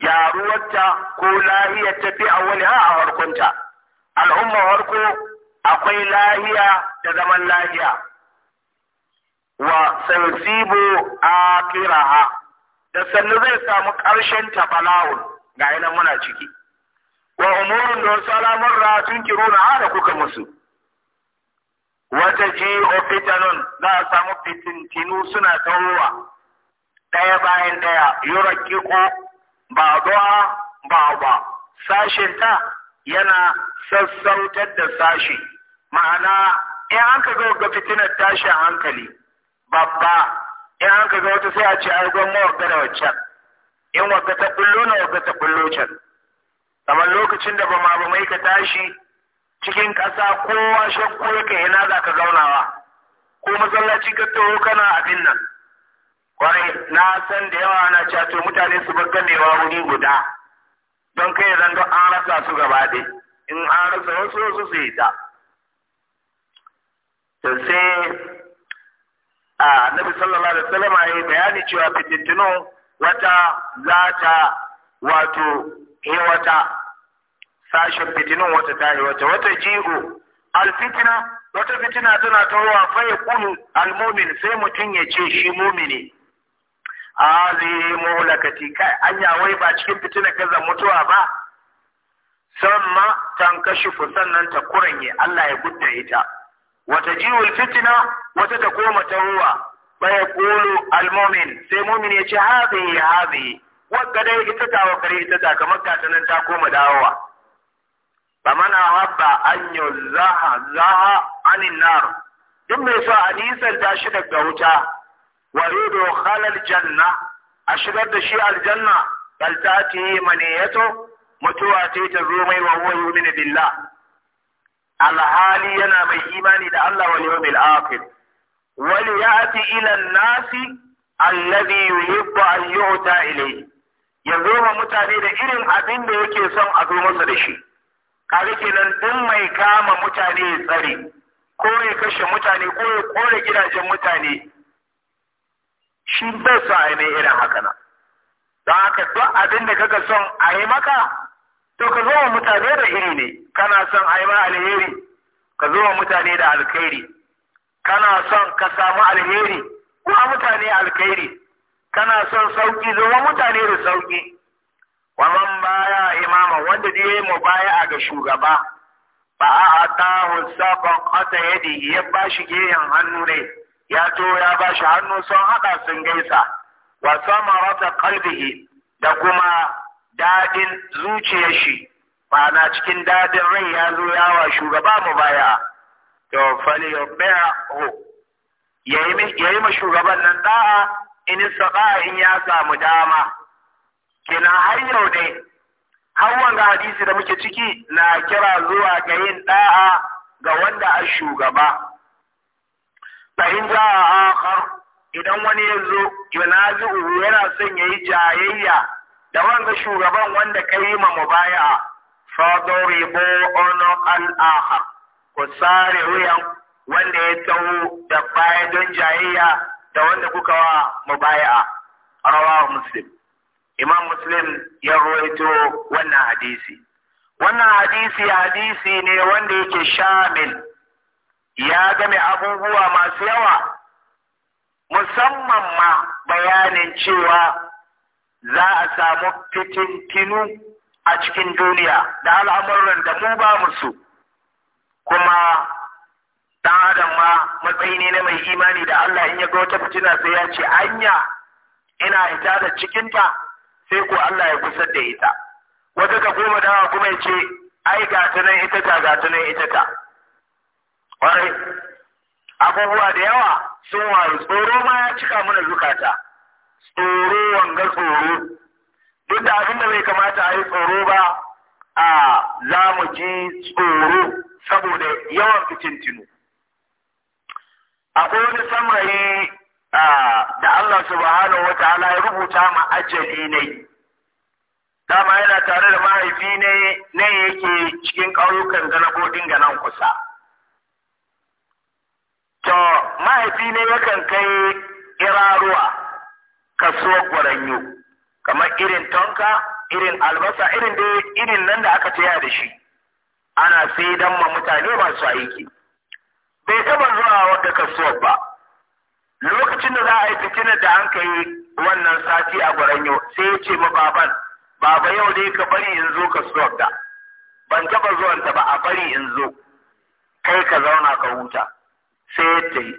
gyaruwarta ko lahiyar ta fi awali wani a harkunta al'umma harko akwai lahiya da zaman lahiya wa sansibo akiraha da sannu zai samu ƙarshen tabala'un ga ina muna ciki wa umurun da wasu kiro na hada kuka musu wata jiho fitanun za a samu fitintinu suna tawowa ɗaya bayan ɗaya kiko ba zuwa ba ba sashen yana sassautar da sashi ma'ana in an ka ga ga fitinar tashin hankali babba in an ka ga wata sai a ce ai gwamma wagga da waccan in wagga ta kullo na wagga ta kullo can kamar lokacin da ba ma ba mai ka tashi cikin ƙasa kowa shakku yake yana za ka zaunawa ko masallaci ka taho kana abin nan kwarai na san da yawa na cato mutane su bar ganewa wuri guda don kai zan don an rasa su gaba in an rasa wasu wasu su yi ta sai a nabi sallallahu alaihi wasallam ya yi bayani cewa fitintinu wata za ta wato in wata sashin fitinin wata yi wata wata jigo alfitina wata fitina tana tawa fa ya almumin sai mutum ya ce shi mumini azi mulakati kai anya wai ba cikin fitina kaza mutuwa ba sannan tankashifu sannan ta kuranye Allah ya gudda ita wata jiwul fitina wata ta koma tawa fa ya almumin sai mumin ya ce hazihi hazihi wagga dai ita ta wakare ita ta kamar ta nan ta koma dawowa famana habba an yuzaha zaha anin nar duk mai so a nisan ta shi daga wuta wa yudu khalal janna a shigar da shi aljanna bal tati maniyato mutuwa ce ta zo mai wa huwa yu'minu billah alhali yana mai imani da Allah wal yawmil akhir wal ya'ti ila an-nasi alladhi yuhibbu an yu'ta ilayhi ya goma mutane da irin abin da yake son a zo masa da shi kaga kenan duk mai kama mutane ya tsare ko ya kashe mutane ko ya kore gidajen mutane shi bai sa a yi irin haka na don haka duk abin da kaga son a yi maka to ka zo mutane da iri ne kana son a yi ma alheri ka zo mutane da alkhairi kana son ka samu alheri ko mutane alkhairi kana son sauki zama mutane da sauki wa man baya imama wanda da yayi a ga shugaba ba a atahu saqata yadi ya bashi geyan hannu ne ya to ya bashi hannu sun hada sun gaisa wa samarata qalbihi da kuma dadin zuciyar shi ma'ana cikin dadin rai ya zo yawa shugaba baya. to fali yubbi'hu yayi yi ma shugaban nan da'a in saba in ya samu dama kenan har yau dai har wanga hadisi da muke ciki na kira zuwa ga yin da'a ga wanda a shugaba Ba in a akhar idan wani ya zo yunazi'u yana son yayi jayayya da wanga shugaban wanda ka yi ma mubaya fa duribu ono al-akhar ku sare wuyan wanda ya tawo da baya don jayayya da wanda kuka wa mubaya'a rawahu muslim imam muslim ya ruwaito wannan hadisi wannan hadisi hadisi ne wanda yake shamil ya game abubuwa masu yawa musamman ma bayanin cewa za a samu fitintinu a cikin duniya da al'amuran da mu ba mu su kuma ɗan adam ma matsayi ne na mai imani da Allah in ya ga wata fitina sai ya ce anya ina ita da cikinta sai ko Allah ya kusar da ita wata ta goma dawa kuma ya ce ai ga ta nan ita ta ga ta nan ita ta Kwarai, abubuwa da yawa sun waru tsoro ma ya cika mana zukata tsoro wanga tsoro duk da abin da bai kamata a yi tsoro ba a za mu ji tsoro saboda yawan fitintinu akwai wani samari da Allah subhanahu wa ta'ala ya rubuta ma ajali ne dama yana tare da mahaifi ne ne yake cikin ƙauyukan ganabodin ga nan kusa to mahaifi ne yakan kai iraruwa kasuwar gwaranyo kamar irin tonka irin albasa irin dai, irin nan da aka taya da shi ana sai dan ma mutane masu aiki bai taɓa zuwa wadda kasuwar ba lokacin da za a yi fitinar da an kai wannan sati a gwaranyo sai ya ce ma baban baba yau dai ka bari in zo kasuwar da ban taɓa zuwanta ta ba a bari in zo kai ka zauna ka huta sai ya tafi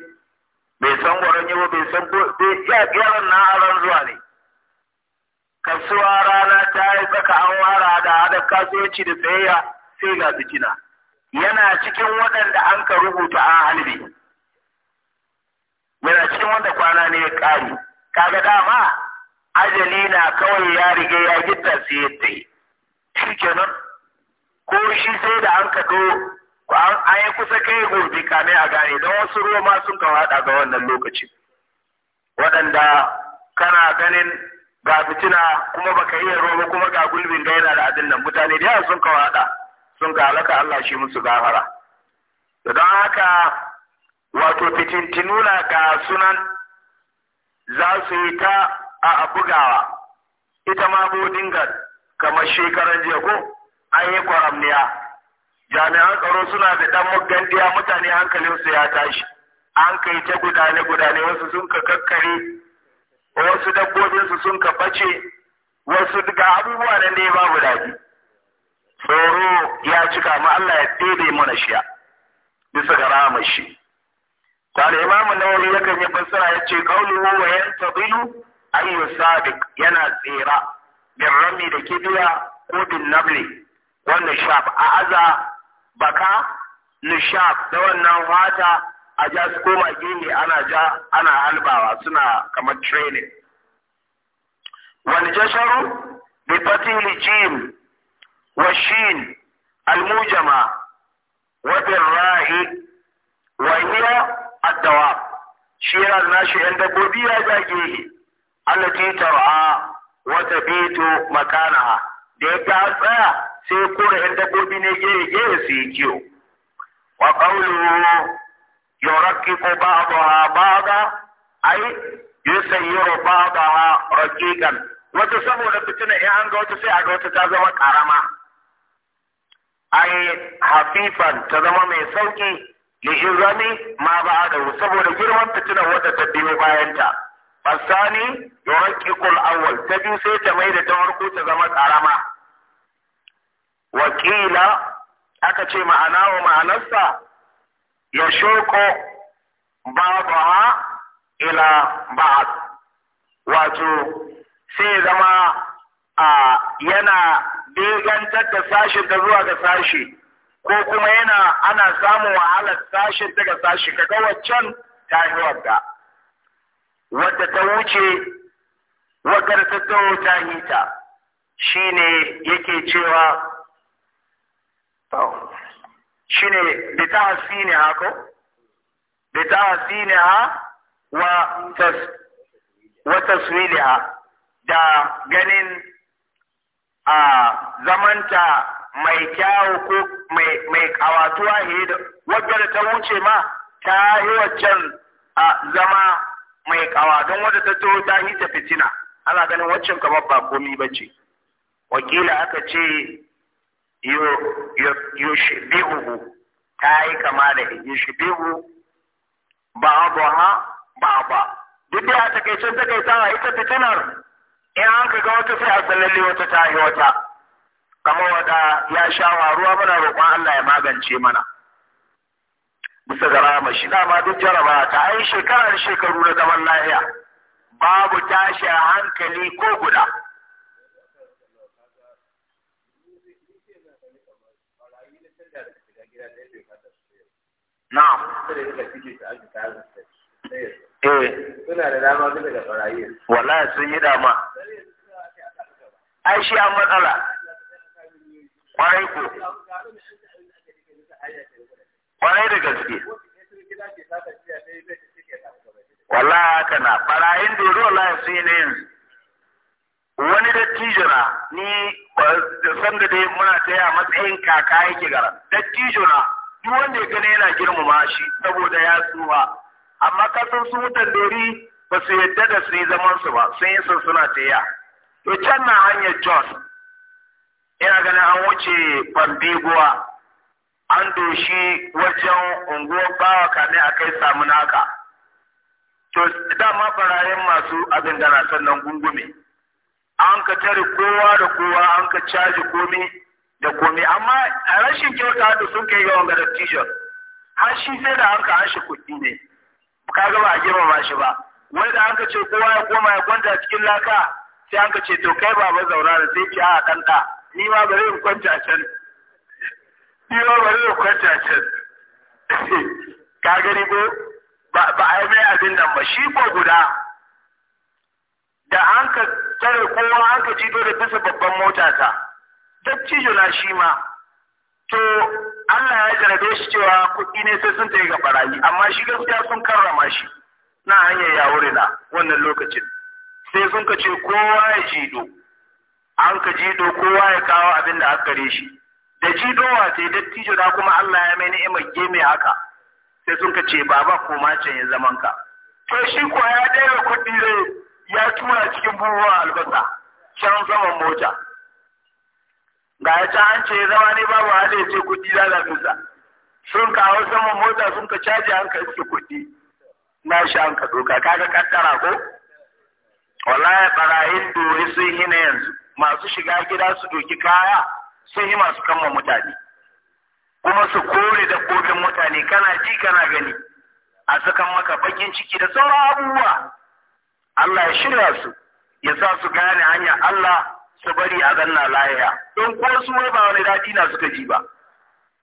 bai san gwaranyo ba bai san yaran na aran zuwa ne kasuwa rana ta yi tsaka an wara da hada kasuwanci da tsayayya sai ga fitina yana cikin waɗanda an ka rubuta a halibi yana cikin wanda kwana ne ya ƙari kaga dama ajali na kawai ya riga ya gita sai ya yi. shi kenan ko shi sai da an ka do an yi kusa kai gobe kame a gane don wasu roma sun ka haɗa ga wannan lokacin waɗanda kana ganin ga fitina kuma baka iya ruwa kuma ga gulbin da yana da adin nan mutane da yawa sun ka haɗa sun ka halaka Allah shi musu gafara don haka wato fitintinuna ga sunan za su yi ta a bugawa ita ma dingar kamar shekaran jiya ko an yi kwaramniya jami'an tsaro suna da ɗan mugandiya mutane hankalinsu ya tashi an kai ta gudane gudane wasu sun ka kakkare wasu dabbobinsu sun ka bace wasu ga abubuwa nan ne babu daɗi tsoro ya cika ma Allah ya ɗebe mana shiya bisa ga rahama shi tare imamu nawawi ya kan yi fassara ya ce kauluhu wa yantazilu ayyu sadiq yana tsera, bin rami da kibiya ko bin nabli wanda shaf a aza baka nishaf da wannan wata a ja su koma gini ana ja ana halbawa suna kamar training wani jasharu bi fatili jim والشين الموجمة وبالراء وهي الدواب شيرا ya عند بوبيا wata التي ترعى وتبيت مكانها ديكا tsaya sai kura yan dabbobi ne gere gere su yi kiwo wa qawluhu yuraqiqu ba'daha ba'da ay yusayyiru ba'daha raqiqan wata saboda fitina in an wata sai a ga wata ta zama ƙarama. ai hafifan ta zama mai sauki lihirami ma ba'adahu saboda girman tuna wata ta biyo bayanta fasani yuraqqiqul awwal ta biyu sai ta mai da ta farko ta zama ƙarama. wakila aka ce ma'ana wa ma'anarsa ya shoko babaha ila ba'd wato sai zama a yana begantar da sashen da zuwa ga sashi ko kuma yana ana samun wahalar sashin daga sashi ga waccan ta yi wadda wadda ta wuce wadda ta taho ta shi ne yake cewa hasi oh, ne hako ha ta hasi ne ha wa taswili ha da ganin a zamanta mai kyawu ko mai kawatuwa wadda da ta wuce ma ta yi waccan zama mai kawa don wadda ta to ta yi ta fitina ana ganin waccan kamar ba komi ba ce wakila aka ce yushibihu ta yi kama da yushibihu ba ba ba ba duk da ta kai ta kai ta ita fitinar in an ka ga wata sai a tsallalle wata ta yi wata kamar wata ya sha ruwa muna roƙon Allah ya magance mana bisa ga rama shi dama duk jaraba ta ai shekara da shekaru na zaman lahiya babu tashi a hankali ko guda na'am Eh. suna da dama duka ga barayi wallahi sun yi dama ai shi an matsala kwarai ko kwarai da gaske wallahi haka na farayin doro wallahi sun yi na yanzu wani dattijo na ni da san da dai muna taya matsayin kaka yake gara dattijo na duk wanda ya gane yana girmama shi saboda ya tsuha amma kasan su wutan dori ba su yadda da su yi zaman su ba sun yi sun suna ya to can na hanyar jos ina ganin an wuce bambiguwa an doshi wajen unguwar bawa kane a kai samu naka to dama barayin masu abin gana sannan gungume an ka tare kowa da kowa an ka caji komi da komi amma a rashin kyauta da sun kai yawan gadar t har shi sai da an ka hashe kuɗi ne ga ba a girmama shi ba wai da aka ce kowa ya koma ya kwanta cikin laka sai aka ce to kai ba zauna da sai ki a kanta ni ma bari in kwanta can ni ma bari in kwanta can ka gani ko ba a yi mai abin nan ba shi ko guda da an ka tare kowa an ka jito da bisa babban mota ta dattijo na shi ma to Allah ya jarabe shi cewa kuɗi ne sai sun tafi ga barayi amma shi gaskiya sun karrama shi na hanyar wuri na wannan lokacin sai sun kace kowa ya jido an ka jido kowa ya kawo abin da aka gare shi da jidowa sai dattijo da kuma Allah ya mai ni'imar geme haka sai sun kace baba koma can ya zaman ka to shi ko ya daina kuɗi ne ya tura cikin buhuwa albasa can zaman mota ga ya ci an ce zama ne babu hali ya ce kuɗi nusa sun kawo saman mota sun ka caji an ka iske kuɗi na shi an ka doka kaga kaddara ko wallahi barayin dori sun yi na yanzu masu shiga gida su doki kaya sun yi masu kama mutane kuma su kore da kofin mutane kana ji kana gani a sakan maka bakin ciki da sauran abubuwa Allah ya shirya su ya sa su gane hanyar Allah su bari a zanna lahiya don ko su ba wani daɗi na suka ji ba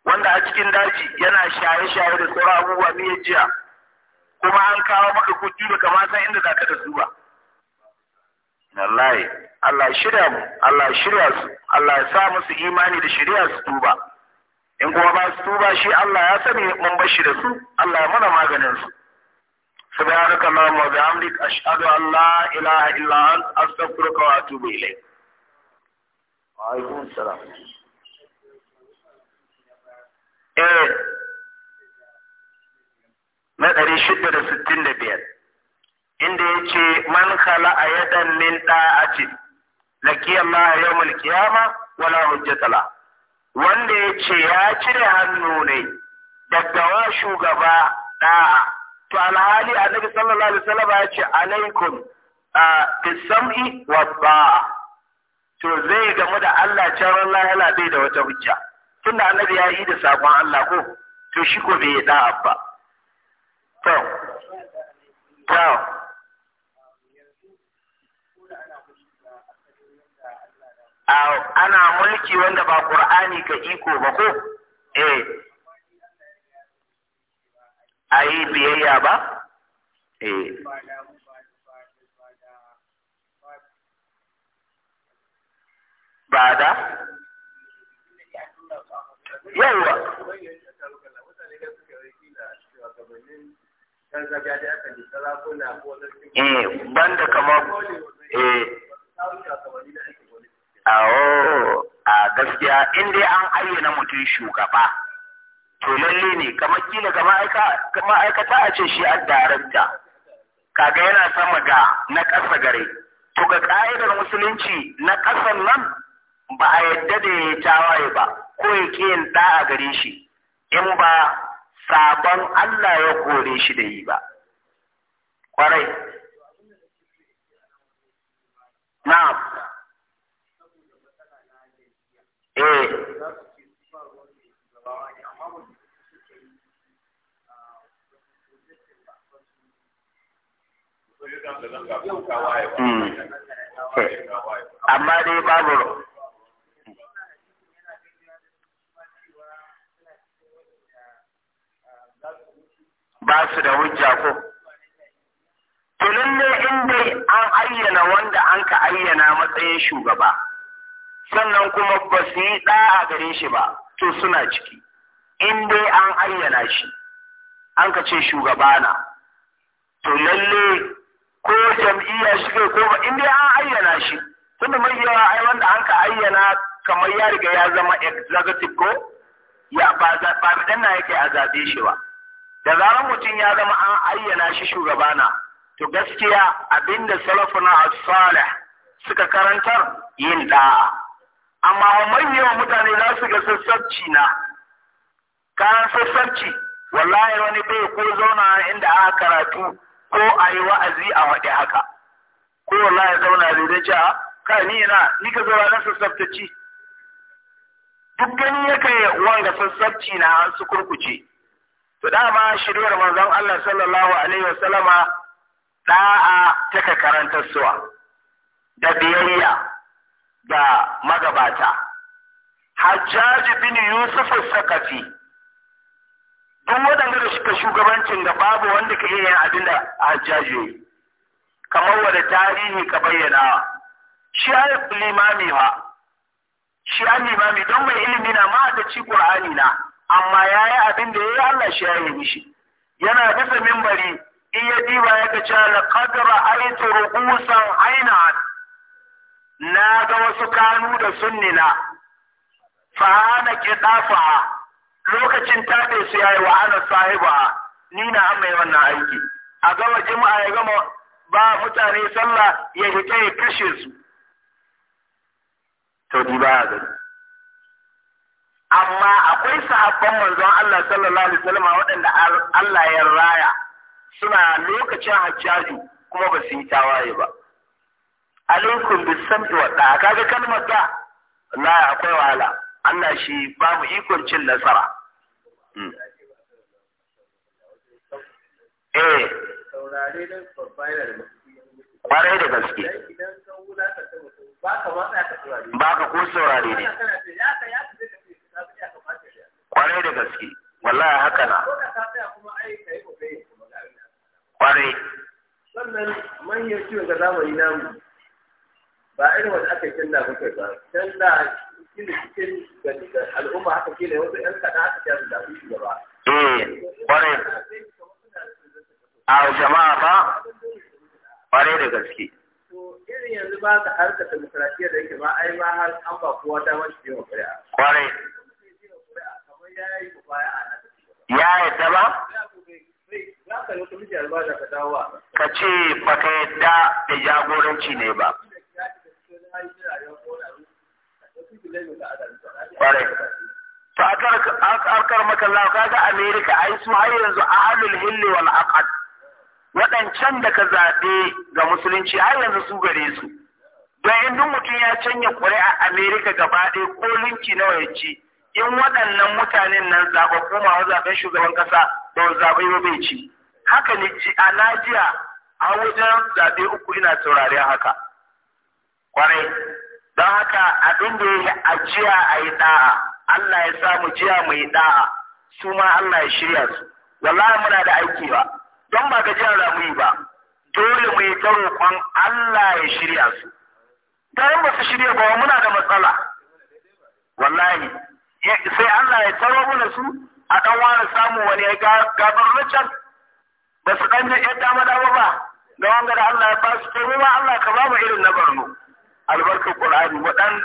wanda a cikin daji yana shaye-shaye da sauran abubuwa ne ya jiya kuma an kawo maka kuɗi da kamata inda za ka tafi ba wallahi Allah shirya mu Allah shirya su Allah ya sa musu imani da shirya su tuba in kuma ba su tuba shi Allah ya sani mun bar shi da su Allah ya mana maganin su سبحانك اللهم وبحمدك أشهد أن لا إله إلا أنت أستغفرك وأتوب إليك وعليكم السلام na ɗari shida da sittin da biyar, inda yace man kala a yadan min ɗa'atin, laƙi Allah yau mulkiyama wala hujjatala. Wanda ya ce ya cire hannu ne daga wa shugaba ɗa'a. To alhali annabi sallallahu alaihi alaikum a bisam'i wa ba'a. to zai gamu da Allah can Allah yana bai da wata hujja da annabi ya yi da sakon Allah ko to shi ko bai da abba to to ana mulki wanda ba Qur'ani ka iko ba ko eh ayi biyayya ba eh ibada? yawa eh banda kamar eh awo a gaskiya in dai an ayyana mutum shugaba to lalle ne kamar kila ga ma'aikata a ce shi an darakta kaga yana sama ga na ƙasa gare to ga ƙa'idar musulunci na ƙasan nan ba a yadda da ya tawaye ba ko ya ke yin a gare shi in ba sabon Allah ya kore shi da yi ba kwarai na'am eh hmm. amma dai babu ba su da hujja ko to lalle in dai an ayyana wanda an ka ayyana matsayin shugaba sannan kuma ba su yi ɗa'a gare shi ba to suna ciki in dai an ayyana shi an ka ce shugaba na to lalle ko jam'iyya shi kai ko ba in dai an ayyana shi tunda mai yawa ai wanda an ka ayyana kamar ya riga ya zama executive ko ya ba ba dan na yake a zaɓe shi ba da zarar mutum ya zama an ayyana shi shugabana to gaskiya abinda salafuna as-salih suka karantar yin da'a amma manyan mutane za su ga sassabci na kayan sassabci wallahi wani bai ko zauna inda aka karatu ko a yi wa'azi a waɗe haka ko wallahi zauna zai da cewa Ka ni na ni ka zo na sassabtaci duk gani yake wanga sassabci na su kurkuce to dama shiriyar manzon Allah sallallahu alaihi wasallama da'a take karantar suwa da biyayya da magabata Hajjaj bin Yusuf sakafi. duk waɗanda da suka shugabancin da babu wanda ka yin abin da Hajjaj yi kamar wanda tarihi ka bayyana shi ya limami ha shi ya limami don mai ilimi na ma da ci Qur'ani na amma ya yi abin da ya yi Allah shi ya yi mishi yana bisa mimbari in ya diba ya kace la qadra aitu rukusan aina na ga wasu kanu da sunnina fa ana kidafa lokacin tafe su ya yi wa ana sahiba ni na amma wannan aiki a gama jima'a ya gama ba mutane sallah ya hita ya kashe su to diba gani. amma akwai sahabban manzon Allah sallallahu alaihi wasallam waɗanda Allah ya raya suna lokacin hajjaji kuma ba su yi tawaye ba alaikum bisam wa da kaga kalmar da la akwai wahala Allah shi ba mu ikon cin nasara hmm. eh kwarai da gaske ba ka ko saurare ne kwarai da gaske wallahi haka na kwarai sannan manyan ciwon ga zamani na mu ba irin wanda aka yi canza ba can da canza cikin cikin ga al'umma haka kila wasu yan kada aka kya su zaɓi shugaba. eh kwarai a jama'a ba kwarai da gaske. irin yanzu ba ka harkar demokradiyyar da yake ba ai ma har an ba kowa damar shi yawan ƙuri'a. kwarai ya yadda ba ka ce ba ka yadda da jagoranci ne ba ƙwarai to akar makalla ga amerika ai su har yanzu ahlul hilli wal aqd waɗancan da ka zaɓe ga musulunci har yanzu su gare su don indin mutum ya canja a amerika gaba ɗaya ko linki nawa ya in waɗannan mutanen nan zaɓaɓɓu masu zaɓen shugaban ƙasa ba zaɓe ba bai ci haka ne ci a najiya a wajen zaɓe uku ina saurare haka kwarai don haka abin da ya ajiya a yi ɗa'a Allah ya samu jiya mu yi ɗa'a su ma Allah ya shirya su wallahi muna da aiki ba don ba gajiyar ramu yi ba dole mu yi ta roƙon Allah ya shirya su don ba su shirya ba muna da matsala wallahi sai Allah ya taro mana su a ɗan wani samu wani ya gabar rachar ba su ɗan ya dama dama ba da wanga da Allah ya ba su kai ba Allah ka ba mu irin na barno albarkar Qur'ani mu dan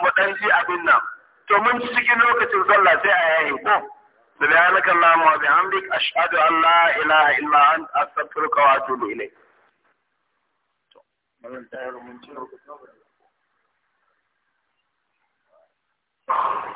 mu ji abin nan to mun ci cikin lokacin sallah sai a yayi ko سبحانك اللهم وبحمدك أشهد أن لا ila إلا أنت أستغفرك wato إليك. Oh.